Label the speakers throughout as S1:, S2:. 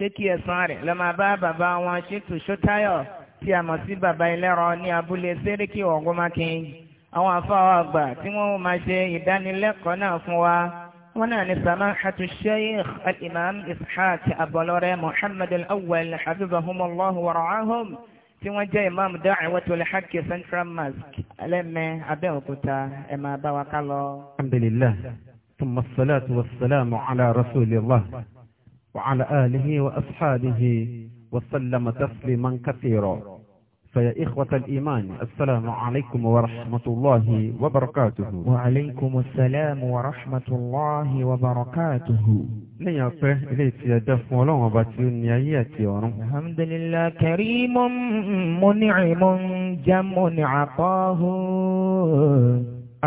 S1: pé kí ẹ̀san rẹ̀ lọ máa bá bàbá wọn ṣètò ṣótáyọ̀ tí a mọ̀ sí bàbá ẹlẹ́rọ ní abúlé sẹ́ríkì ọ̀gọ́mákin àwọn afáwọ̀ àgbà tí wọ́n máa ṣe ìdánilẹ́kọ̀ọ́ náà fún wa wọ́n náà ní samahatu sheikh al-imam ishaq abọlọrẹ muhammad al-awwal habibahumullahu wa ra'ahum tí wọ́n jẹ́ imam da'watul haqq central mosque alẹ́mẹ́ abẹ́òkúta ẹ̀ máa bá wa ká lọ.
S2: alhamdulillah thumma salatu wa salamu ala rasulillah. وعلى آله وأصحابه وسلم تسليما كثيرا فيا إخوة الإيمان السلام عليكم ورحمة الله وبركاته
S1: وعليكم السلام ورحمة الله وبركاته الحمد لله كريم منعم جم عطاه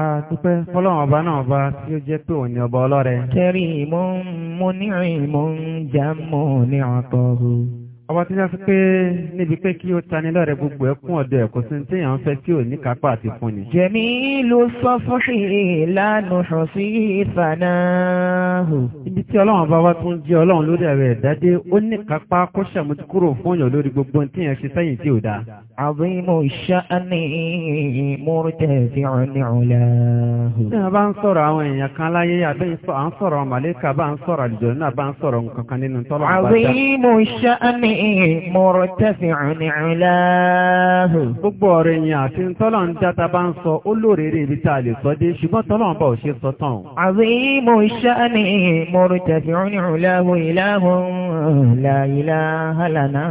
S1: Àtúpẹ́ fọ́lọ́wọ́n ọba náà bá tí
S2: ó jẹ́ pé òní ọba ọlọ́rẹ.
S1: Kẹ́rì mọ́ mọ́ ní àìmọ́ ń jà mọ́ ní àtọ́rù
S2: ọba tí jásí pé níbi pé kí ó tani lọ́rẹ̀ gbogbo ẹkún ọ̀dọ̀ ẹ̀kọ́ sí tí yàn ń fẹ́ tí ò ní kápá àti fún ni. jẹ̀mí ló sọ fún ṣe ìlànà ṣàn sí ìfànà hù. ibi tí ọlọ́run bá wá tún jẹ́ ọlọ́run lórí ẹ̀rọ ẹ̀dádé ó ní kápá kó ṣàmójú kúrò fún yàn lórí gbogbo tí yàn ṣe sẹ́yìn tí ò dáa.
S1: àwọn ìmọ̀ ìṣàánì mọ̀rọ̀tẹ́fìrún ní ìlàáhù. Gbogbo ọ̀rọ̀
S2: èèyàn àti tọ́lọ̀ ń játa bá ń sọ ó lóòrèrè ibi tá a lè sọ dé ṣùgbọ́n tọ́lọ̀ ń bá ò ṣe sọ tán.
S1: Àbí mo ṣá ní mọ̀rọ̀tẹ́fìrún ní ìlàáhù ìlàáhù láìláhàlànà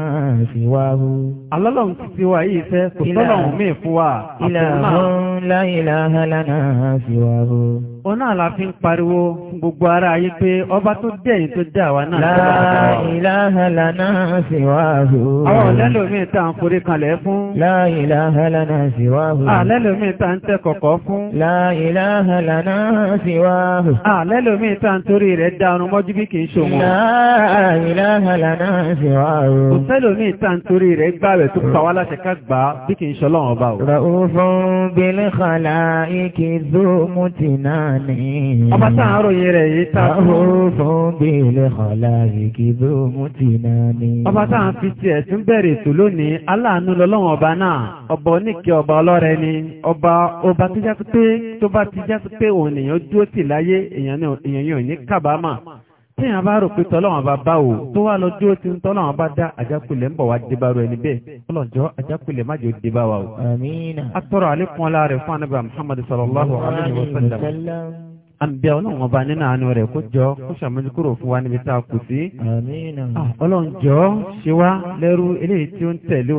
S1: síwáhù. Alọ́lọ́run òun náà
S2: la fi ń pariwo fún gbogbo ara ayé pé ọba tó dẹ̀yìn tó dẹ̀ àwa náà. la
S1: ilaha lana siwahu. àwọn ọ̀lẹ́lòmíì tá à ń forí kanlẹ̀ fún. la ilaha lana siwahu. àlẹ́lòmíì
S2: tá à ń tẹ́ kọ̀kọ́ fún.
S1: la ilaha lana siwahu.
S2: àlẹ́lòmíì tá à ń torí rẹ̀ dánú mọ́jú bí kì í ṣòwò. la ilaha lana
S1: siwahu. kò
S2: sẹ́lòmíì tá à
S1: ra'ufun bil ní. ọmọ táàrò yìí rẹ̀ yìí ta fún. àwọn fún bèèlè kọ̀lá rìkì bó mú ti náà ní. ọba táà
S2: fi tiẹ̀ tún bẹ̀rẹ̀ ètò lónìí aláàánú lọ́lọ́wọ́n ọba náà ọba oníkẹ́ ọba ọlọ́rẹ ni ọba ọba tó jẹ́ pé tó bá ti jẹ́ pé òun èèyàn dúró tì láyé èèyàn yóò ní kábàámà tí a bá rò pé tọ́lọ́wọ́n bá bá o tó wà lọ́jọ́ tí ń tọ́lọ́wọ́n bá dá àjákulẹ̀ ń bọ̀ wá débàrú ẹni bẹ́ẹ̀ ọlọ́jọ́ àjákulẹ̀ má jẹ́ débà o. a tọrọ ọlá rẹ̀ fún anábà Muhammad sallallahu alayhi wa sallam. àǹbí ọlọ́wọ́n bá nínú àánú rẹ̀ kó jọ kó ṣàmójúkúrò fún wa níbi tá a kù sí. Ah, ọlọ́njọ́ ṣe wá lẹ́rú eléyìí tí ó ń tẹ̀lé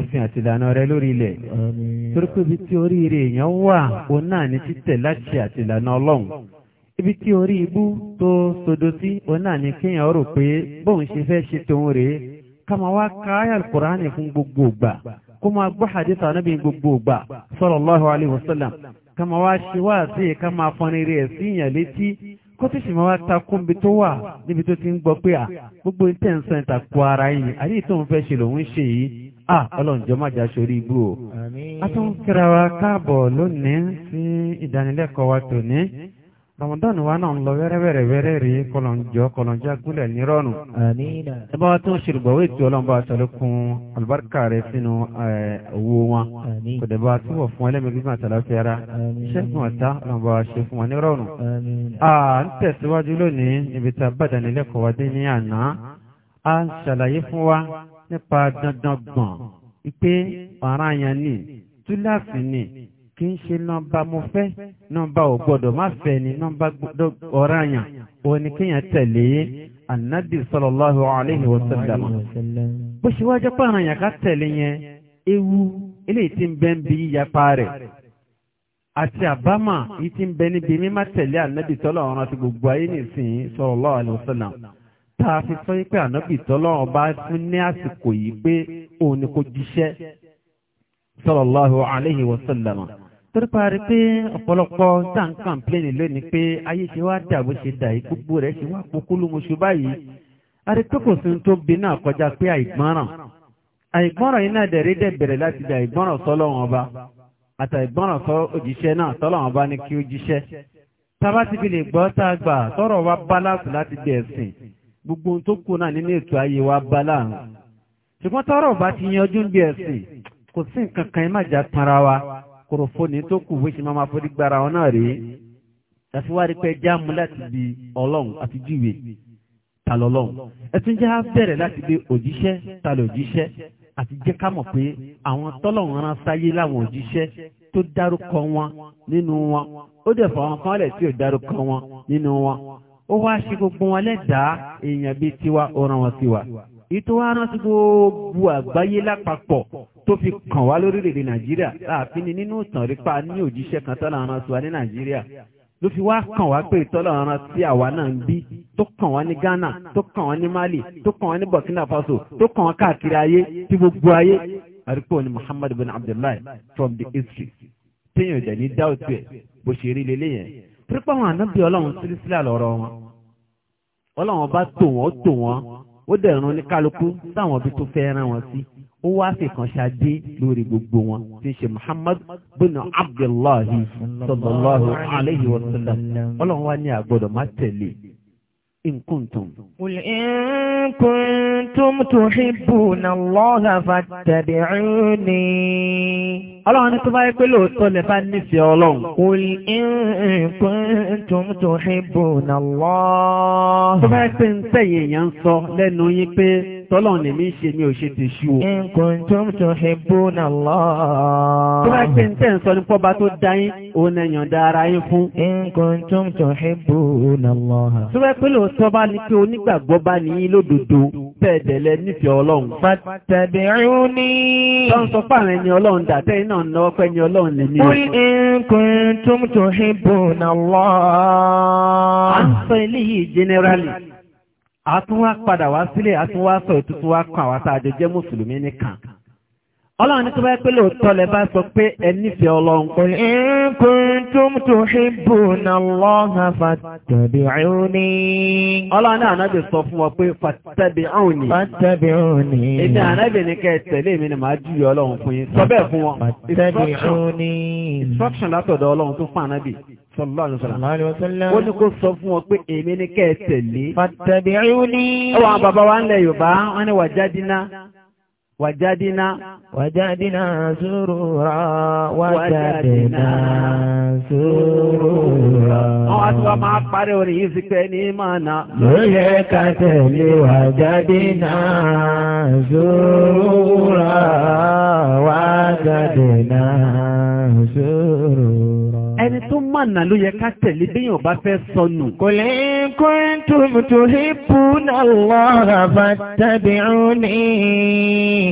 S2: ibi tí orí ibú tó sodo sí òun náà ní kéèyàn rò pé bóun ṣe fẹ́ ṣe tòun rèé ká máa wá ka ayà alukur'ani fún gbogbo ògbà kó máa gbọ́ hadith anabi gbogbo ògbà sallallahu alayhi wa sallam ká máa wá ṣe wá sí ká máa fọnrin rẹ̀ sí ìyàn létí kó tó sì máa wá takún bí tó wà níbi tó ti ń gbọ́ pé à gbogbo ìtẹ̀sán ìtàkù ara yìí àdéhì tó ń fẹ́ ṣe lòun ṣe yìí à ọlọ́njọ́ má jà sórí ibú o. a tún kíra wa káàbọ̀ lónìí sí ìdánilẹ́kọ̀ọ́ wa tòní. Ramadan wa náà ń lọ wẹ́rẹ́wẹ́rẹ́wẹ́rẹ́ rí kọlọ̀njọ́ kọlọ̀njọ́ gúnlẹ̀ nírọ̀nù. Ẹbá tó ń ṣèrùgbọ̀ wé tí ọlọ́mbà ṣàlékún albarka rẹ̀ sínú owó wọn. Kò dẹ̀ bá túbọ̀ fún ẹlẹ́mì gbígbà tàlàfẹ́ra. Ṣẹ́gun ọ̀tá ọlọ́mbà ṣe fún a bàdà nílẹ̀kọ̀ wa dé ní àná. A ń ṣàlàyé kì í ṣe nọ́mbà mo fẹ́ nọ́mbà ò gbọ́dọ̀ má fẹ́ ni nọ́mbà ọ̀ranyàn òun ni kéèyàn tẹ̀lé ànábì sallallahu alaihi wa sallam. bó ṣe wá jẹ́ ká tẹ̀lé yẹn ewu eléyìí tí ń bẹ ń bi yíyapa rẹ̀ àti àbámà yìí ń bẹ níbi mímá tẹ̀lé ànábì tọ́lọ̀ ọ̀ràn àti gbogbo ayé nìsín sallallahu alaihi wa sallam tá a fi sọ pé ànábì tọ́lọ̀ ọba fún alaihi wa torípa rí pé ọ̀pọ̀lọpọ̀ tá n kàmpléènì lónìí pé ayé ṣe wá dà bó ṣe dà yìí gbogbo rẹ̀ ṣe wá kúkúlù mọṣú báyìí arítókòsí tó bí náà kọjá pé àìgbọ́ràn àìgbọ́ràn yìí náà dẹ̀rí dẹ̀ bẹ̀rẹ̀ láti dà àìgbọ́ràn sọ́lọ́wọ́n ọba àtàìgbọ́ràn sọ òjíṣẹ́ náà sọ́lọ́wọ́n ọba ní kí ó jíṣẹ́ tábà ti fi lè gbọ́ tá a gbà sọ̀rọ̀ wa bálàsì láti dẹ̀ ẹ̀sìn gbogbo ohun tó kù náà nínú ètò ayé wa bálàsì ṣùgbọ́n tọ́rọ̀ bá ti yanjú bí ẹ̀sìn kò sí nǹkan kan ẹ má jà tanra wa kòròfóònì tó kù bó ṣe máa ma forí gbára wọn náà rèé tàfiwárí pé jáàmù láti bi ọlọ́run àti júwe ta lọ́lọ́run ẹ tún jẹ́ á bẹ̀rẹ̀ láti gbé òjíṣẹ́ ta lòjíṣẹ́ àti jẹ́ ká mọ̀ pé àwọn tọ́lọ́run rán sáyé láwọn òjíṣẹ́ tó dárúkọ wọn nínú wọn ó dẹ̀ fọ àwọn kan tí ò dárúkọ wọn nínú wọn ó wá ṣe gbogbo wọn lẹ́dàá èèyàn bíi tiwa ó rán wọn sí ìtò ara ti gbogbo àgbáyé lápapọ̀ tó fi kàn wá lórílẹ̀-èdè nàìjíríà àfin ni nínú ìtàn rípa ní òjíṣẹ́ kan tọ́lá ara tiwa ní nàìjíríà ló fi wá kàn wá pé ìtọ́lá ara àwa náà ń bí tó kàn wá ní ghana tó kàn wá ní mali tó kàn wá ní burkina faso tó kàn wá káàkiri ayé tí gbogbo ayé àrípò ni muhammad bin abdullahi from the history téèyàn ìjà ní dáòtú ẹ bó ṣe rí lélẹ́yìn rípa àwọn ànábì ọlọ́run sílísílà ó dẹ̀ ràn ní kálukú sáwọn ibi tó fẹ́ rán wọn sí ó wá sì kàn ṣáde lórí gbogbo wọn tí ń ṣe Muhammad bin Abdullahi sallallahu alayhi wa sallam ọlọ́run wá ní àgbọ̀dọ̀ má tẹ̀lé in kuntum.
S1: Qul in kuntum tuhibbuna Allaha fattabi'uni ọlọ́run ní tó bá yẹ pé lóòótọ́ lẹ bá nífẹ̀ẹ́ ọlọ́run. Qul in kuntum tuhibbuna
S2: Allah. tó bá yẹ pé ń tẹ̀yìn èèyàn sọ lẹ́nu yín pé tọ́lọ́run lè mí ṣe ní òṣè ti ṣú o. in kuntum tuhibbuna Allah. tó bá yẹ pé ń tẹ̀ ń sọ ní pọ́ba tó Allah. sọ fáwọn ẹni ọlọ́run dàtẹ́ iná náà náà pẹ́ ní ọlọ́run lè ní ọ̀pọ̀. A ń sọ eléyìí generally. A tún wá padà wá a tún wá sọ ìtútù wá kan àwọn àtàjọ jẹ́ Mùsùlùmí Ọlọ́run ní tó bá pé lóòótọ́ lẹ bá sọ pé ẹ nífẹ̀ẹ́ Ọlọ́run. Qul in kuntum tuhibbuna Allaha fattabi'uni. Ọlọ́run náà náà bè sọ fún wọn pé fattabi'uni. Fattabi'uni. Èmi ànábì ní kẹ́ tẹ̀lé mi ni màá jùlọ Ọlọ́run fún yín. Sọ bẹ́ẹ̀ fún wọn. Fattabi'uni. Instruction látọ̀dọ̀ Ọlọ́run tó fún ànábì. Sallallahu Fattabi'uni. Ó wà bàbá wa ń وجدنا وجدنا سرورا
S1: وجدنا سرورا
S2: àwọn ما máa parí نيمانا
S1: yìí sí وجدنا سرورا وجدنا سرورا ẹni tó mọ̀nà ló yẹ ká tẹ̀lé béèyàn bá fẹ́ sọnù. kò lè kó tóbi tó hí púnà lọ́ra bá tàbí òní.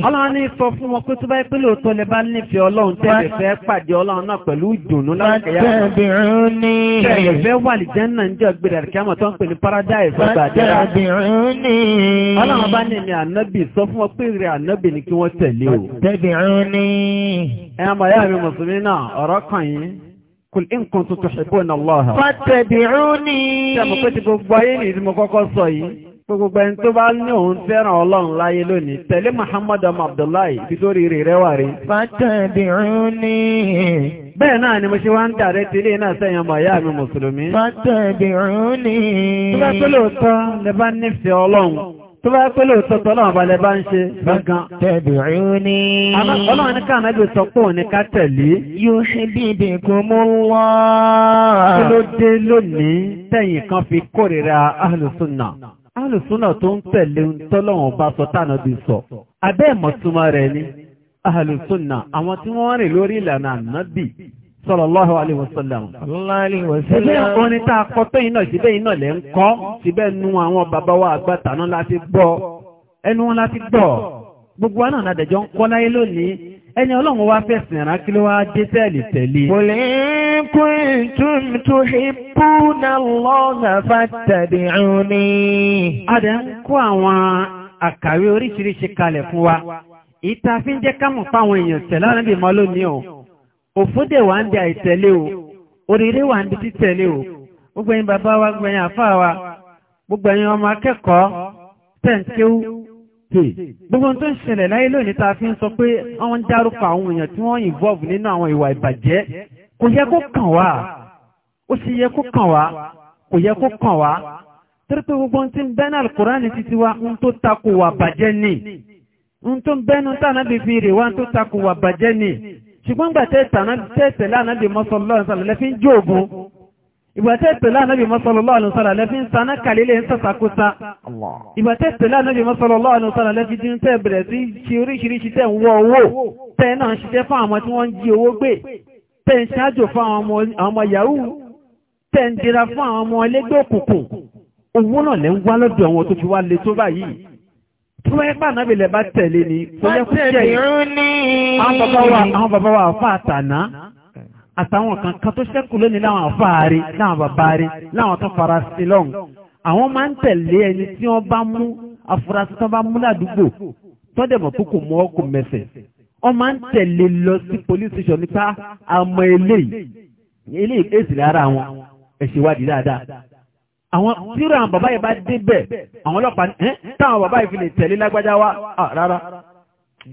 S1: ọlọ́run ní sọ fún wọn pé tó bá pé lóòótọ́ lè bá nífẹ̀ẹ́ ọlọ́run tẹ̀lé fẹ́
S2: pàdé ọlọ́run náà pẹ̀lú ìdùnnú lọ́kẹ̀yà. tàbí òní. tẹ̀lé fẹ́ wà lè jẹ́ náà ń jẹ́ gbèrè kí Kùl in kuntum tuhibbuna Allah.
S1: Fattabi'uni.
S2: Ṣẹ́mù pé ti gbogbo ayé ní ìdímọ̀ kọ́kọ́ sọ yìí. Gbogbo ẹni tó bá ní òun fẹ́ràn ọlọ́run láyé lónìí. Tẹ̀lé Muhammad ọmọ Abdullahi fi tó rí rẹ̀ wà Fattabi'uni. Bẹ́ẹ̀ náà ni mo ṣe wá ń dàrẹ́ ti ilé náà sẹ́yìn ọmọ ìyá mi Mùsùlùmí. Fattabi'uni. Tó bá tó lóòótọ́ lè bá nífẹ̀ẹ́ ọlọ́run tó bá pé lóòótọ́ tọ́lọ́ àbálẹ̀ bá ń ṣe gbọ́ngàn.
S1: Tabi'uni.
S2: Ọlọ́run ní káàmì ẹgbẹ́ sọ pé òun ní ká tẹ̀lé.
S1: Yuhbibkumullah. Kí ló
S2: dé lónìí tẹ̀yìn kan fi kórìíra Ahlùsùnà? Ahlùsùnà tó ń tẹ̀lé tọ́lọ́run bá sọ Sallallahu alaihi wasallam.
S1: Ẹgbẹ́
S2: tá a kọ́ tó iná lè iná lẹ́ ń kọ́ síbẹ̀ nú àwọn bàbá wa láti gbọ́ ẹnu wọn láti gbọ́ gbogbo wa náà nàdẹ̀jọ́ ń kọ́ láyé lónìí ẹni ọlọ́run fẹ̀sìn kí ló wá tẹ̀lé. A dẹ̀ ń kó àwọn àkàwé oríṣiríṣi kalẹ̀ fún wa. Ìta fi ń jẹ́ òfún dẹ̀ wà ń di àìtẹ̀lé o òrìrí wà ń di títẹ̀lé o gbogbo ẹ̀yin bàbá wa gbogbo ẹ̀yin àfáà wa gbogbo ẹ̀yin ọmọ akẹ́kọ̀ọ́ tẹ̀ǹkéwú pè gbogbo tó ń ṣẹlẹ̀ láyé lónìí tá a fi ń sọ pé wọ́n ń dárúkọ àwọn èèyàn tí wọ́n involve nínú àwọn ìwà ìbàjẹ́ kò yẹ kó kàn wá ó sì yẹ kó kàn wá kò yẹ kó kàn wá torí pé gbogbo tí ń bẹ́nà alkùránì títí wa ń tó takò wà bàjẹ́ ni ń tó bẹ́nu tánàbí fi rè wá ń tó takò wà bàjẹ́ ni ṣùgbọ́n gbà tẹ́tẹ̀lá ànábì mọ́sọ̀lọ́ ìsàlẹ̀ lẹ́fí ń jóògùn ìgbà tẹ́tẹ̀lá ànábì mọ́sọ̀lọ́ ìsàlẹ̀ lẹ́fí ń saná kàlílẹ̀ ń sàtàkúta ìgbà tẹ́tẹ̀lá ànábì mọ́sọ̀lọ́ ìsàlẹ̀ lẹ́fí dín tẹ́ bẹ̀rẹ̀ sí ṣe oríṣiríṣi tẹ́ ń wọ owó tẹ́ náà ṣiṣẹ́ fún àwọn tí wọ́n ń jí owó tó máa pà náà bèèrè bá tẹ̀lé ni kò yẹ kó jẹ́ àwọn bàbá wa àfà àtàná àtàwọn kan kan tó ṣẹ́kù lónìí láwọn àfà rí láwọn bàbá rí láwọn tó fara sí lọ́hùn àwọn máa ń tẹ̀lé ẹni tí wọ́n bá mú afurasí tó bá mú ládùúgbò tọ́dẹ̀mọ̀ tó kò mọ́ ọkùn mẹ́sẹ̀ wọ́n máa ń tẹ̀lé lọ sí police station nípa àmọ́ eléyìí eléyìí èsì lára wọn ẹ̀ṣèwádìí dáadáa àwọn tíra àwọn bàbá yìí bá débẹ̀ àwọn ọlọ́pàá ní táwọn bàbá yìí fi lè tẹ̀lé lágbájá wá ah, rárá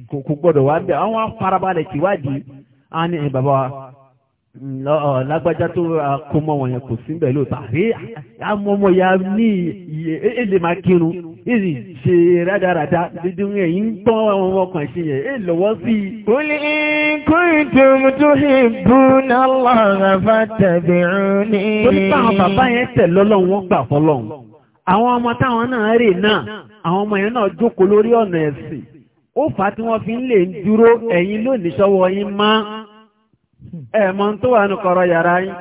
S2: kò gbọ́dọ̀ wá bẹ̀ àwọn farabalẹ̀ kìwádìí àwọn ní bàbá wa lágbájá tó kọmọ wọn yẹn kò sí bẹ̀ lóòótọ́ àmọ́mọ́ ya ní èlé máa kírun èlé ṣe rádaràda dídún ẹ̀yìn tán àwọn ọmọkàn ṣe yẹn lọ́wọ́ sí i. qul in bàbá yẹn tẹ̀ lọ́lọ́run wọ́n gbà àwọn ọmọ táwọn náà rè náà àwọn ọmọ yẹn náà jókòó lórí ọ̀nà ẹ̀sìn ó fà tí wọ́n ẹ̀mọ́ tó wà ní kọ̀rọ̀ yàrá yín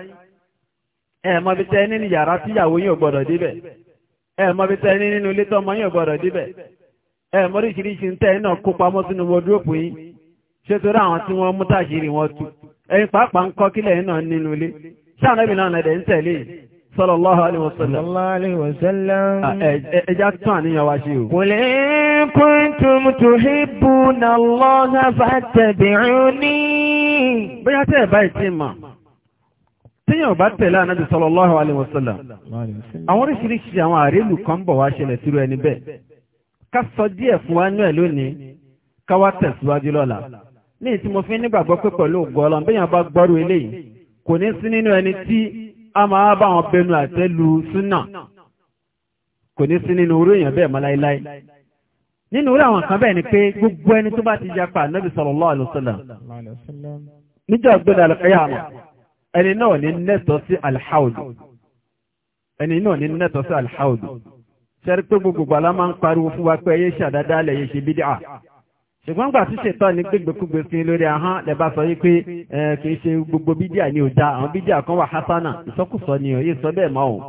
S2: ẹ̀mọ́ bí tẹ́ nínú yàrá tíyàwó yín gbọ́dọ̀ débẹ̀ ẹ̀mọ́ bí tẹ́ nínú ilé tọ́mọ yín gbọ́dọ̀ débẹ̀ ẹ̀mọ́ oríṣiríṣi ń tẹ́ náà kó pamọ́ sínú wọ́dúrópù yín ṣé torí àwọn tí wọ́n mú tàṣírí wọn tú ẹ̀yin pàápàá ń kọ́ kílẹ̀ náà nínú ilé ṣáà náà ń tẹ̀lé sallallahu
S1: alaihi bóyá
S2: tẹ́ ẹ̀ báyìí tí mà téèyàn bá tẹ̀lé ànábì sallallahu alaihi wasallam àwọn oríṣiríṣi àwọn àrélù kan bọ̀ wá ṣẹlẹ̀ tìrú ẹni bẹ́ẹ̀ ká sọ díẹ̀ fún wa nú ẹ̀ lónìí ká tẹ̀síwájú lọ́la ní ìtí mo fi nígbàgbọ́ pé pẹ̀lú ògùn ọlọ́run bá gbọ́rù eléyìí kò ní sí nínú ẹni tí a máa bá wọn bẹnu àtẹ́ lu súnà kò ní sí nínú orú èèyàn bẹ́ẹ̀ mọ́ nínú orí àwọn kan bẹ́ẹ̀ ni pé gbogbo ẹni tó bá ti japa ànábì sallallahu
S1: alaihi
S2: níjọ́ gbẹ́nà alkayama ẹni náà ní nẹ́tọ̀ sí alhaudu ẹni náà ní nẹ́tọ̀ sí alhaudu ṣẹ́rí pé gbogbo alá máa ń pariwo fún wa pé ẹyẹ ṣe àdádá alẹ́ yẹ ṣe bídíà ṣùgbọ́n gbà tí ṣètọ́ ní gbégbékúgbé sí lórí ahọ́n lẹ́bà sọ wípé kì í ṣe gbogbo bídíà ní ò dá àwọn bídíà kan wà hasana ìsọkúsọ ni ò yé sọ bẹ́ẹ̀ mọ́ òun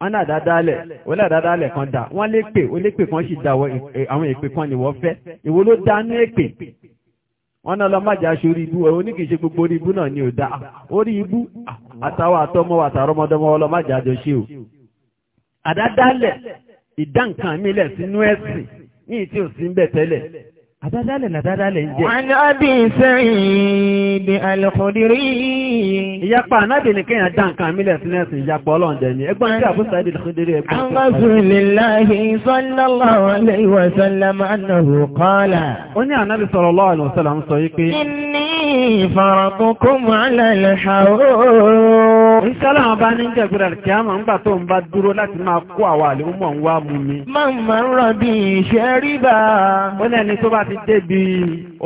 S2: wọ́n ní àdádálẹ̀ wọ́n ní àdádálẹ̀ kan dá wọ́n lépè ó kan sì dá àwọn èpè kan ni wọ́n fẹ́ ìwo ló dá ní èpè wọ́n náà lọ májà sórí ibú ẹ̀ oníkìíṣe gbogbo orí ibú náà ni ò dá orí ibú àtàwọn àtọmọ àtàrọmọdọmọ ọlọ májà jọ ṣe o àdádálẹ̀ ìdá nǹkan mílẹ̀ sínú ẹ̀sìn ní ìtí ò sí ń bẹ̀ tẹ́lẹ̀ Àdádálẹ̀ nàdádálẹ̀ ń jẹ́. Wọ́n
S1: lábí Sa'id
S2: al-Khudri. Ìyapa ànábì ní kíyàn já nǹkan mílẹ̀ sí lẹ́sìn ìyapa ọlọ́ọ̀dẹ̀ ni. Ẹgbọ́n tí Abu Sa'id al-Khudri ẹgbọ́n. An
S1: Rasulillahi sallallahu alayhi wa sallam annahu qala.
S2: Ó ní ànábì sallallahu
S1: alayhi wa sallam sọ yí pé.
S2: Inni faratukum ala al-hawr. Ìṣẹ́lá àwọn bá ní jẹ́gbẹ̀rẹ̀ àlìkíyàmà ń gbà tó ń bá dúró láti máa kó àwà àlè ọmọ ń wá mú mi. Máa ń rọ̀ bí iṣẹ́ ríbà. Ó ní ẹni tó bá ti dé bí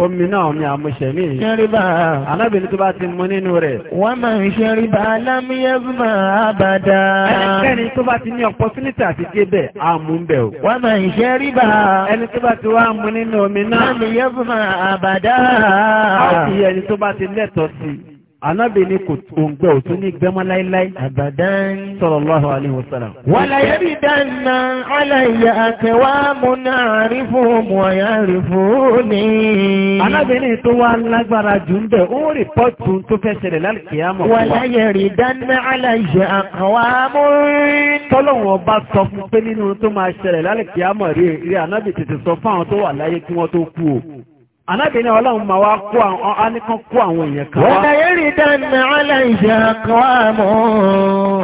S2: omi náà omi àmúṣẹ ní. Iṣẹ́ ríbà. Alábìnrin tó bá ti mú nínú rẹ̀. Wọ́n máa ń ṣe ríbà lámúyẹ́gbọ̀n àbàdà. Ẹnikẹ́ni tó bá ti ní opportunity àti débẹ̀, a mú ń bẹ̀ o. Wọ́n máa ń ṣe ríbà. Ẹni tó bá ti Anábì ni kò òǹgbẹ́ òtún ní gbẹ́mọ́ láíláí. Àbàdán. Sallallahu alaihi wasallam. Wa la yabidanna
S1: alayya aqwamun a'rifuhum wa ya'rifuni. Anábì ni tó wá lágbára jù ń bẹ̀, ó rí pọ́tù tó fẹ́ ṣẹlẹ̀ lálùkìyàmọ̀. Wa la yabidanna alayya aqwamun.
S2: Tọ́lọ̀wọ̀n bá sọ fún pé nínú tó máa ṣẹlẹ̀ lálùkìyàmọ̀ rí Anábì tètè sọ fáwọn tó wà láyé kí wọ́n tó kú o. Anábìnrin ọlọ́run máa wá kó àwọn aníkan kó àwọn èèyàn kan wá. Wọ́n láyé rí dáná aláìṣẹ́ kan wá mọ́.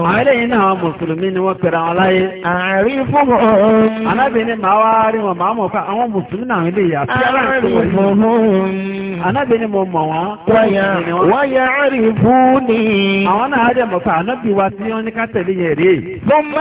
S2: Àwọn eléyìí náà àwọn Mùsùlùmí ni wọ́n pẹ̀rẹ̀ àwọn láyé. Àárí fún òun. Anábìnrin máa wá rí wọn máa mọ̀ fún àwọn Mùsùlùmí náà lè yà sí aláìsí wọ̀nyí. Anábìnrin mo mọ̀ wọ́n. Wọ́n yà árí fún ni. Àwọn náà jẹ́ mọ̀ fún ànábì wa tí wọ́n ní ká tẹ̀lé yẹn rí. Bọ́mọ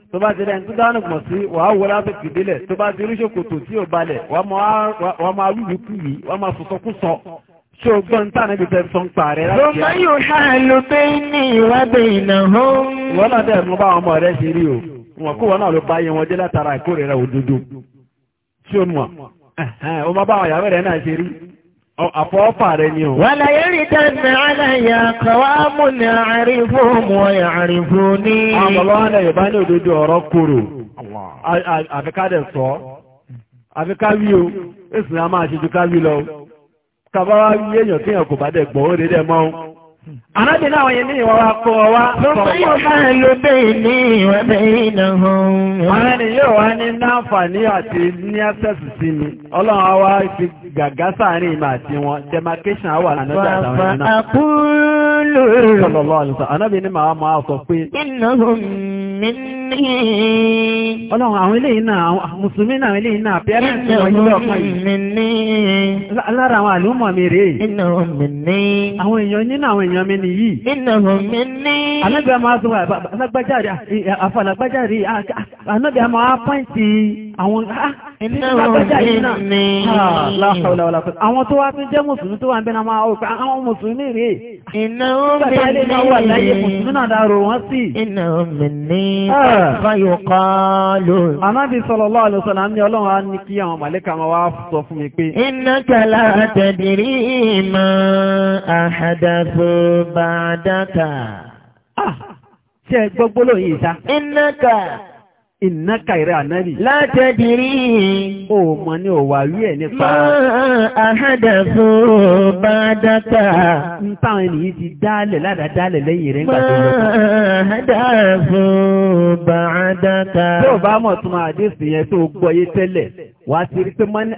S2: tó bá ti lẹ́yìn tó dánùgbọ̀n sí wà á wọlé àti fìdílẹ̀ tó bá ti ríṣòkòtò tí ò balẹ̀ wà máa rúbi kú yìí wà máa sọ̀sọ́kú sọ ṣé o gbọ́n tá níbi tẹ́ sọ ń pa rẹ̀ láti jẹ́. ló máa yóò ṣá ló
S1: pé ní ìwádìí ìnà
S2: hàn. ìwọ náà dẹ̀ mú báwọn ọmọ rẹ ṣe rí o wọn kó wọn náà ló bá yẹn wọn jẹ́ látara ìkórè rẹ òdodo ṣé o mọ̀ o máa báwọn ìyàwó rẹ náà ṣe rí àfọwọ́fà rẹ ni o. wàlá yẹ́rì dáná aláya kọ́wá múnà àrífò mọ́
S1: àrífò ní. àwọn bàbá wa náà yorùbá ní
S2: òdodo ọ̀rọ̀ kúrò àfikádẹ̀ sọ àfikáwí o èsì ṣe ju lọ. ka wa yéèyàn kéèyàn kò bá dẹ̀ gbọ́ Àrábì náà wọ́n yẹ ní ìwọ̀n wa kó wọ́n wá. Lọ́pọ̀ yóò bẹ́ẹ̀ ní ìwọ̀n bẹ́ẹ̀ náà hàn. Àwọn ni yóò wá ní láǹfààní àti ní àti ní minni. Ọlọ́run àwọn eléyìí náà, Mùsùlùmí náà eléyìí náà, pẹ́rẹ́ǹtì wọ́n yílọ̀ ọ̀pá yìí. Lára àwọn àlúmọ̀ mi rèé. Innahum minni. Àwọn èèyàn nínú àwọn èèyàn mi nìyí. Innahum minni. Ànábì máa sọ àfàlàgbájáre, ànábì máa pọ́ǹtì àwọn ah, Ah, àwọn tó wá tún jẹ́ Mùsùlùmí tó wà ń bẹ́na máa ọ̀pẹ́ àwọn Mùsùlùmí rí. Iná omi ní Mùsùlùmí náà dárò
S1: wọ́n sí. Iná omi ní Fáyọ̀ kọlù. Ànábì
S2: sallallahu alaihi wasallam ní ọlọ́run á ní kí àwọn màlẹ́kà máa wá sọ fún mi pé. Iná ah, kàlá iná kàìrẹ́ ànábì. látẹ̀dìrí. o mọ ní òwà rí ẹ̀ nípa. àhádàfó bá dáta. n táwọn ènìyàn ti dálẹ̀ ládàdálẹ̀ lẹ́yìn rẹ̀ ń gbàdúrà lọ́kàn.
S1: àhádàfó
S2: bá dáta. tí o bá mọ̀ tún àdéhùn yẹn tó gbọ́ yé tẹ́lẹ̀ wà á ti rí pé mọ́ni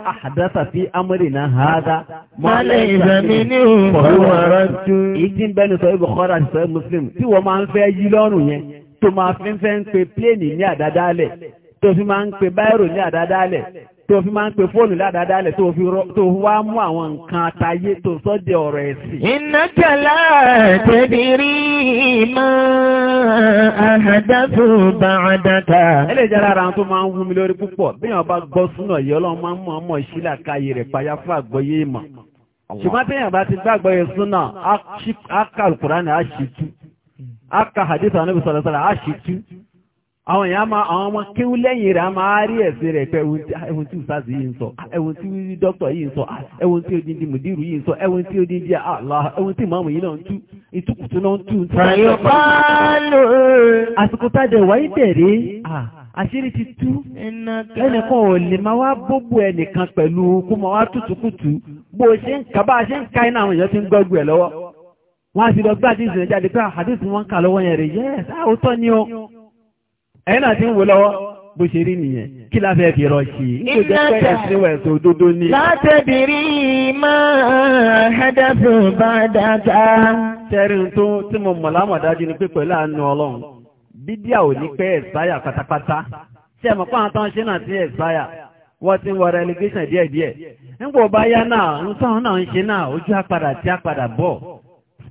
S2: tó máa fi ń fẹ́ ń pe pléènì ní àdádálẹ̀ tó fi máa ń pe báírò ní àdádálẹ̀ tó fi máa ń pe fóònù ní àdádálẹ̀ tó fi wá mú àwọn nǹkan àtayé tó sọ́dẹ̀ ọ̀rọ̀ ẹ̀sìn. iná kẹlá tẹ̀lé
S1: mọ́ àhàdáfò bá àdáka. ẹlẹ́jà lára àwọn
S2: tó máa ń wú mi lórí púpọ̀ bí wọ́n bá gbọ́ súnà yìí ọlọ́run máa ń mọ̀ ọmọ ìṣílẹ̀ àkáyè rẹ̀ payá fún àgbọ́yé ìmọ̀ ṣùgbọ́n téèyàn bá ti gbàgbọ́ yẹn súnà á kàlùkùránì á ṣètú a ka hadith anabi sallallahu alaihi wasallam a ṣì tú àwọn èèyàn máa àwọn ọmọ kéwú lẹ́yìn rẹ̀ a máa rí ẹ̀sìn rẹ̀ pé ẹ̀wọ̀n tí ustaz yìí ń sọ ẹ̀wọ̀n tí dókítà odindi mùdírù yìí ń sọ ẹ̀wọ̀n odindi Allah àṣírí ti tú
S1: ẹnìkan ò
S2: lè máa wá ẹnìkan pẹ̀lú kó máa wá bó ṣe ń ṣe ń iná àwọn èèyàn ti ń gbọ́gbù ẹ̀ lọ́wọ́ wọ́n ti lọ gbá àdíṣì rẹ̀ jáde pé àdíṣì ah, wọ́n ń kà lọ́wọ́ yẹn rẹ̀ yes ah, ó tọ́ ni ó ẹ̀yìn náà ti ń wò lọ́wọ́ bó ṣe rí nìyẹn kí la fẹ́ fi rọ̀ṣì nígbò jẹ́ pé ẹ̀sìn wẹ̀ tó dódó ní. látẹ̀bìrì
S1: máa hẹ́dẹ́sùn bá dáadáa.
S2: sẹ́rin tó tí mo mọ̀ lámọ̀dájú ni pé pẹ̀lú àánú ọlọ́run bídíà ò ní pẹ́ ẹ̀sáyà pátápátá tí ẹ̀mọ̀ pàǹ tán ṣe náà sí ẹ̀sáyà wọ́n ti ń wọ relegation díẹ̀díẹ̀ nígbò bá yá náà ń náà ń ṣe náà ojú àpadà tí àpadà bọ̀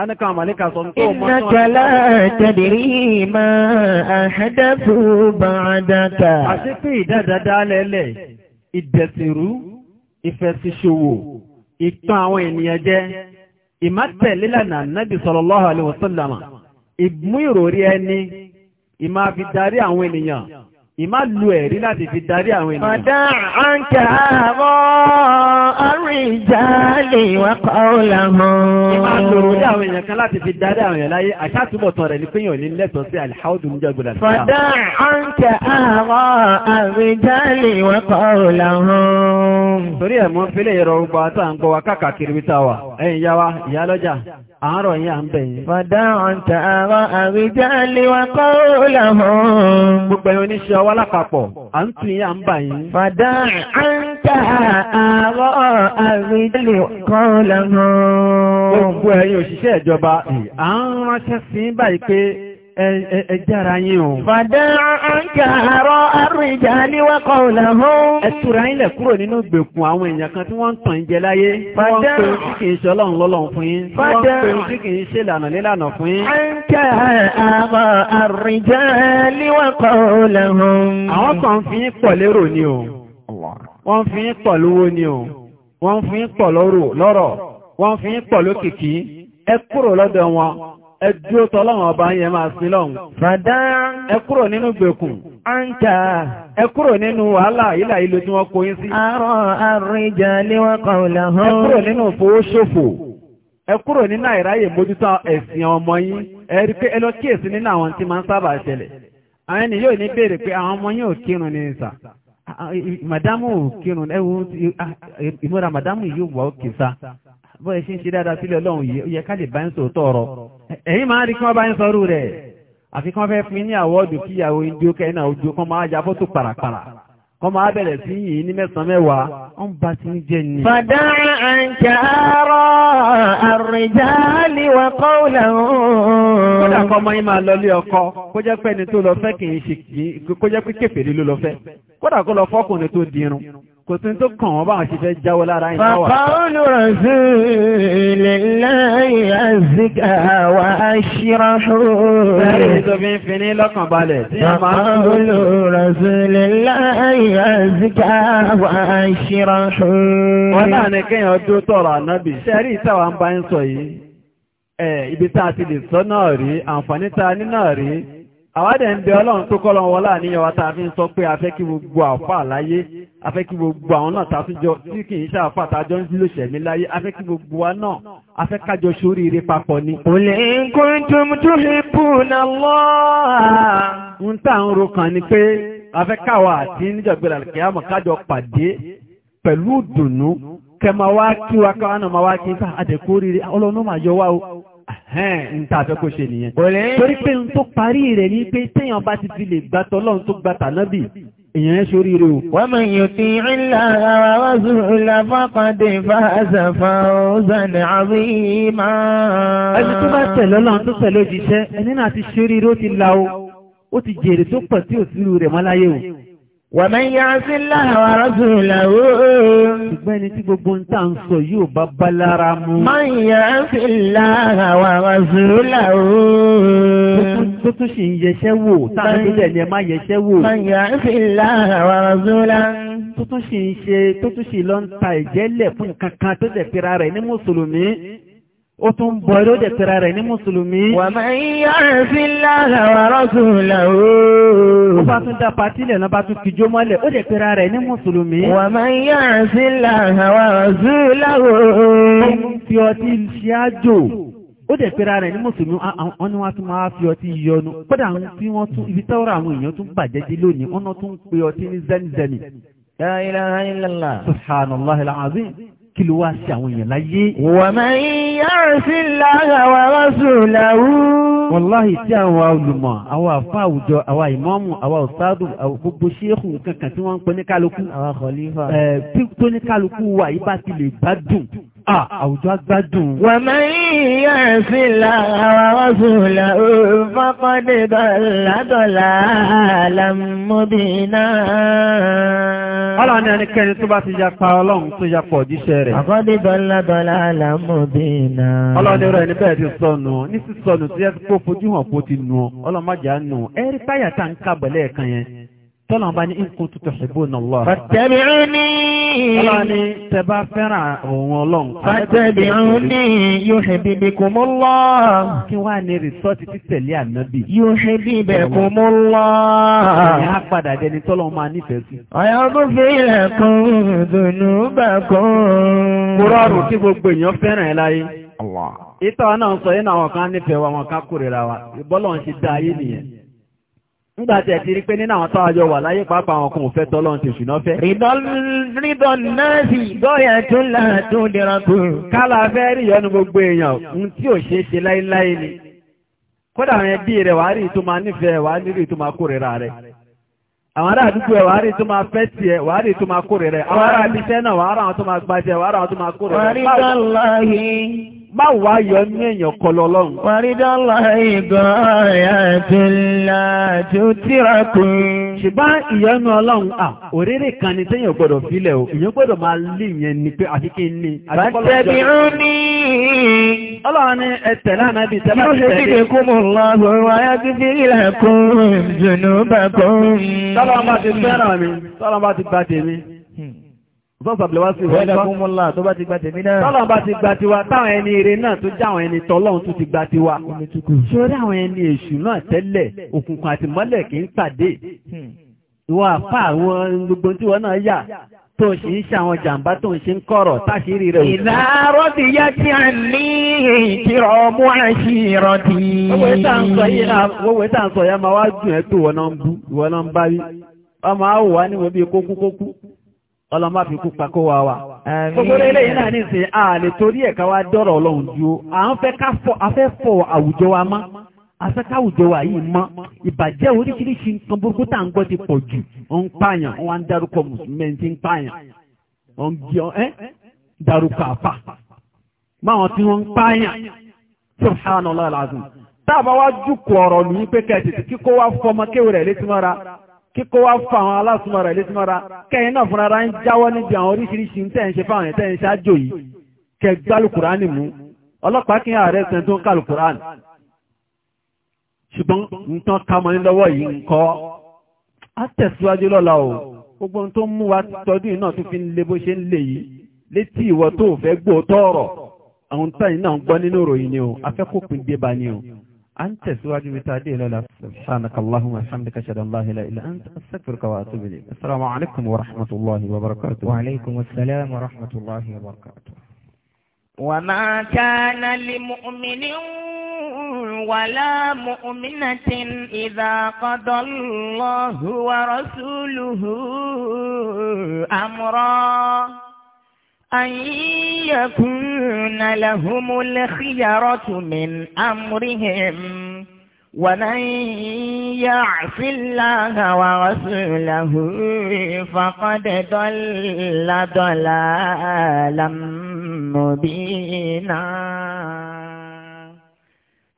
S2: Anika Malika sọ tó mọ́ ṣọ́nà. Innaka la tadri
S1: ma ahdathu ba'daka. Àṣé pé ìdádádá lẹ́lẹ̀, ìdẹ̀sìnrú,
S2: ìfẹ̀sìṣòwò, ìtàn àwọn ènìyàn jẹ́, ìmátẹ̀lélànà Nábì sallallahu alaihi wasallam, ìmú ìròrí ẹni, ìmáfi darí àwọn ènìyàn, ìmá lu ẹ̀rí láti fi darí àwọn ènìyàn. Ọ̀dá
S1: àǹkà àwọ̀ àrìjáàlè
S2: wákọ̀ ọ̀làmọ́. Ìmá lu orí àwọn èèyàn kan láti fi darí àwọn èèyàn láyé, àṣàtúbọ̀tàn rẹ̀ ní pínyàn ní lẹ́tọ̀ sí àlìháùdù ní jọgbọ̀lá. Ọ̀dá
S1: àǹkà àwọ̀
S2: àrìjáàlè wákọ̀ ọ̀làmọ́. Torí ẹ̀mọ́ fílẹ̀ ìrọ̀ gbọ́ àtà ń gbọ́ yìí à ń bẹ̀yìn. Fọ̀dá àǹkà àwọ̀ àrìjáàlè wákọ̀ ọ̀làmọ́. Gbogbo ẹ̀ oníṣẹ́ wa lápapọ̀ à ń tún yà ń bà yín. fàdá
S1: àǹkà àwọ̀
S2: àrídìlẹ̀ kan lọ́nà. gbogbo ẹ̀yin òṣìṣẹ́ ìjọba à ń ránṣẹ́ sí báyìí pé ẹjára yín o. Fàdá àǹkàrọ̀ àrìjà níwákọ̀ lẹ́hún. Ẹ túra yín lẹ̀ kúrò nínú gbèkùn àwọn èèyàn kan tí wọ́n ń tàn jẹ láyé. Fàdá tí wọ́n ń pe ohun tí kì í ṣe ọlọ́run lọ́lọ́run fún yín. Fàdá tí wọ́n ń pe ohun tí kì í ṣe ni o. Wọ́n fi yín pọ̀ ni o. Wọ́n fi yín pọ̀ lọ́rọ̀. Wọ́n fi yín pọ̀ Ẹ kúrò lọ́dọ̀ wọn. ẹjú tọ́lọ́wọ̀n ọba yẹn máa sí lọ́hùn. Fàdá. Ẹ nínú gbèkùn. Àǹkà. Ẹ nínú wàhálà ilà ìlú tí wọ́n kó yín sí. Àárọ̀ àrìjà
S1: léwọ́kọ̀ làhán. Ẹ kúrò nínú fowóṣòfò.
S2: Ẹ nínú mójútó ẹ̀sìn ọmọ yín. pé ẹ lọ kíyèsí nínú àwọn tí máa ń sábà ṣẹlẹ̀. Àwọn ní pé àwọn ọmọ kírun ní ìsà. Màdámù kírun bọ́ ẹ ṣe ń ṣe dáadáa sílẹ̀ ọlọ́run yìí ó yẹ ká lè bá ń sòótọ́ ọ̀rọ̀ ẹ̀yìn máa rí kí wọ́n bá ń sọrú rẹ̀ àfi kí wọ́n fẹ́ fún ní àwọ́dù kí ìyàwó ìjó kẹ́nà ojú kan máa ya fọ́tò pàràpàrà kan máa bẹ̀rẹ̀ sí yìí ní mẹ́sàn-án mẹ́wàá wọ́n bá ti ń jẹ ni. fàdá àǹkàárọ̀ àrìjáàlì wà kọ́ọ̀lá òun. kódà kọ́ mọ́ yín máa lọlé ọkọ kó jẹ́ pé ẹni tó lọ fẹ́ kì í ṣe kó jẹ́ pé kèfèrí ló lọ fẹ́ kódà kó lọ fọ́kùnrin tó dirun kò tún tó kàn wọ́n bá wọn ṣe fẹ́ jáwọ́ lára yìí wà. bàbá
S1: olùrànṣẹ́ ilẹ̀ láyé àzíkà wà á ṣíra ṣòro. bẹ́ẹ̀ni tó
S2: fi ń finí lọ́kàn balẹ̀. bàbá
S1: olùrànṣẹ́ ilẹ̀ láyé àzíkà wà á ṣíra ṣòro. wọn náà ní
S2: kéèyàn dúró tọrọ ànábì. sẹ́rí ìtawà ń bá ń sọ yìí. ibi tá a ti lè sọ náà rí àǹfààní tá a ní náà rí. àwádẹ́ ń bẹ ọlọ́run tó kọ́ lọ́wọ́ láàníyàn wa tá a fi ń sọ pé a fẹ́ kí gbogbo àfọ́ àláyé afẹ́ kí gbogbo àwọn náà tàtúnjọ tí kì í ṣàfà tàjọ ń lò ṣẹ̀mí láyé afẹ́ kí gbogbo wa náà afẹ́ kájọ ṣoríire papọ̀ ni. kò lè ń kó tún tún lè bù náà lọ́. ń tà ń ro kan ni pé afẹ́ káwa àti níjọ̀gbẹ́rẹ̀ àlùkìyàmọ̀ kájọ pàdé pẹ̀lú dùnú kẹma wá kí wa káwọn náà máa wá kí n ká àdẹ̀kú oríire ọlọ́run máa yọ wá o ń ta fẹ́ kó ṣe nìyẹn. torí pé n tó parí rẹ̀ ni pé téèyàn bá ti fi lè gbàtọ́ lọ́run
S1: tó gbàtà náà bì èèyàn ṣorí rẹ̀ o. wọ́n mọ̀ yóò ti ńlá ara wá zùlá fọ́kàndé fàáza fàáza ní àríyìmá. ẹni tó bá tẹ̀lé ọlọ́run tó tẹ̀lé òjíṣẹ́ ẹni náà ti ṣorí rẹ̀ ó ti la o ó ti jèrè tó pọ̀ tí
S2: òsirú rẹ̀ mọ́láyé o. Wàmẹ́ yá sí láàwà rọ́sùlá ooo. Ṣùgbọ́n ẹni tí gbogbo ń tà ń sọ yóò bá bá lára mú. Má
S1: yá sí láàwà rọ́sùlá
S2: ooo. Tó tún ṣì ń yẹṣẹ́ wò, táwọn tó dẹ̀ ní ẹ má yẹṣẹ́ wò. Má yá sí láàwà rọ́sùlá. Tó tún ṣì ń ṣe, tó tún ṣì lọ ń ta ìjẹ́lẹ̀ fún kankan tó dẹ̀ pera rẹ̀ ní Mùsùlùmí ó tún bọ̀ ló dẹ̀ tẹ́ra rẹ̀ ní mùsùlùmí. wà máa ń
S1: yára sí lára wàrọ̀
S2: sùlà ooo. ó bá tún dá patí lẹ̀ náà bá tún fìjó mọ́lẹ̀ ó dẹ̀ tẹ́ra rẹ̀ ní mùsùlùmí. wà máa ń yára sí lára wàrọ̀ sùlà ooo. ó ń fi ọtí ṣe àjò ó dẹ̀ tẹ́ra rẹ̀ ní mùsùlùmí wọn ni wọ́n tún máa fi ọtí yọnu kódà tí wọ́n tún ibi táwọn àwọn èèyàn tún bàjẹ́ dé lónìí wọ́n tún pe ọtí ní zẹ́nizẹ́ni. La ilaha illallah. Subhanallahil azim kí ló wá sí àwọn èèyàn láyé. wọ́n máa ń yára sí lára wa rọ́sùn làwú. wàláhì tí àwọn olùmọ̀ àwọn àfá àwùjọ àwọn ìmáàmù àwọn ọ̀sáàdù gbogbo ṣéèkù kankan tí wọ́n ń pẹ́ ní kálukú. àwọn kọ̀lífà. ẹ̀ tó ní kálukú
S1: wa yìí bá ti lè gbádùn àwùjọ agbádùn. Wọ́n máa ń yà sí lára wọ́n sùn lọ fọ́kọ́dé dọ̀làdọ̀là alámúbìnà. Ọlọ́run ni ẹnikẹ́ni tó bá ti yapa ọlọ́run tó
S2: yapa òjíṣẹ́ rẹ̀.
S1: Fọ́kọ́dé dọ̀làdọ̀là alámúbìnà. Ọlọ́run rẹ̀ níbẹ̀
S2: ti sọnù ní sísọnù tó yẹ kó fojú hàn kó ti nù ọlọ́mọjà nù ẹ̀rí táyà tá ń tọ́lọ̀ bá ní nǹkan tuntun ṣubú ní lọ. fattabi'uni. ọlọ́run ni tẹ bá fẹ́ràn òun ọlọ́run. fattabi'uni yuhbibkumullah. kí wàá ní rìsọ́ọ̀tì títẹ̀lé ànábì. yuhbibkumullah. ìyá padà dẹni tọ́lọ̀ máa nífẹ̀ẹ́ sí. ọ̀yọ́ tó fi ẹ̀kún dùnú bẹ̀
S1: kún. mo rọrùn tí
S2: gbogbo èèyàn fẹ́ràn ẹ láyé. ìtọ́ náà sọ yín àwọn kan Nígbàtí ẹ̀ ti rí pé nínú àwọn ajọ wà láyé pàápàá àwọn kan fẹ́ tọ́lọ́n ti ṣùná fẹ́.
S1: Rídọ̀n náà sì gọ́yà tó láàtún
S2: dìrakù. Kálá fẹ́ rí gbogbo èèyàn ń tí ò ṣe láíláí ni. Kódà àwọn ẹbí rẹ̀ wàá rí ìtumọ̀ nífẹ̀ẹ́ wàá rí kórìíra rẹ̀. Àwọn ará àdúgbò ẹ̀ wàá rí fẹ́ tiẹ̀ wàá rí kórìíra rẹ̀. Àwọn ará
S1: Má wá yọ ní èèyàn kọlọ ọlọ́run. Wàrídọ́lá ìgọ́ àyàtìlá tí ó tíra kùn.
S2: Ṣùgbọ́n ìyọnu ọlọ́run à, Oriri kan ni téèyàn gbọdọ filẹ̀ o, ìyẹn gbọ́dọ̀ máa ni pé àti ní. Bàtẹ́bí ó ní. Ọlọ́run ẹ̀tẹ̀
S1: Ẹ̀dàkúnmọ́lá tó bá ti gba tèmi náà. Tọ́lọ̀ bá ti gba
S2: tiwa táwọn ẹni eré náà tó jáwọn ṣe ń ṣàwọn jàǹbá tó ń ṣe ń kọ̀rọ̀ táṣírí rẹ̀. Ìlàárọ̀ ti yá tí a ní ìkìrọ̀ ọmú
S1: àṣírọ̀ tí. Owó tá
S2: ń sọ yá máa wá dùn ẹ́ tó wọ́n náà ń bá rí. Wọ́n máa wà níwọ̀n bí kókúkókú ọlọ́mọ́ fi kú pakó wa wa.
S1: gbogbo eléyìí náà ní
S2: ìsìn a lè torí ẹ̀ka wa dọ́rọ̀ ọlọ́run dúró à ń fẹ́ ká fọ afẹ́fọ́ àwùjọ wa mọ́ afẹ́ká àwùjọ wa yìí mọ́ ìbàjẹ́ oríṣiríṣi nǹkan burúkú tá à ń gbọ́ ti pọ̀ jù ó ń pààyàn ó ń darúkọ mùsùlùmí ti ń pààyàn ó ń gbé ọ ẹ́ darúkọ àfà máwọn tí wọ́n ń pààyàn subhanallah alazim táàbà wá kíkó wá fún àwọn alásùmọ̀rọ̀ ilé súnmọ́ra kẹ́yìn náà fúnra ra ń jáwọ́ níbi àwọn oríṣiríṣi ń tẹ́yìn ṣe fáwọn ẹ̀tẹ́yìn ṣáájò yìí kẹ gbálùkùránì mú ọlọ́pàá kí ààrẹ sẹ tó ń kálùkùránì ṣùgbọ́n nǹkan kamọ́ ní lọ́wọ́ yìí ń kọ́ á tẹ̀síwájú lọ́la o gbogbo tó mú wa tọdún náà tó fi le bó ṣe ń lè yìí létí ìwọ tó fẹ́ gbọ́ tọ́ọ̀rọ̀ àwọn táyì أنت سواجي إلى الله سبحانك اللهم وبحمدك أشهد أن لا إله إلا أنت أستغفرك وأتوب إليك السلام عليكم ورحمة الله وبركاته وعليكم السلام ورحمة
S1: الله وبركاته وما كان لمؤمن ولا مؤمنة إذا قضى الله ورسوله أمرا أن يكون لهم الخيرة من أمرهم ومن يعص الله ورسوله فقد ضل ضلالا مبينا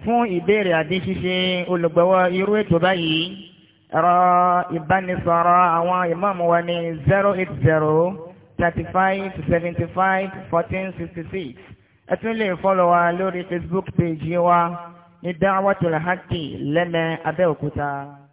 S1: fún ìbéèrè àdíṣíṣe olùgbọ́wọ́ irú ètò báyìí ẹ̀rọ ìbánisọ̀rọ̀ àwọn ìmáàmù wa ní zero eight zero thirty five seventy five fourteen sixty six ẹ tún lè fọ́lọ̀ wa lórí Facebook page wa ní Da'watul Haqqi lẹ́mẹ̀ẹ́ Abẹ́òkúta.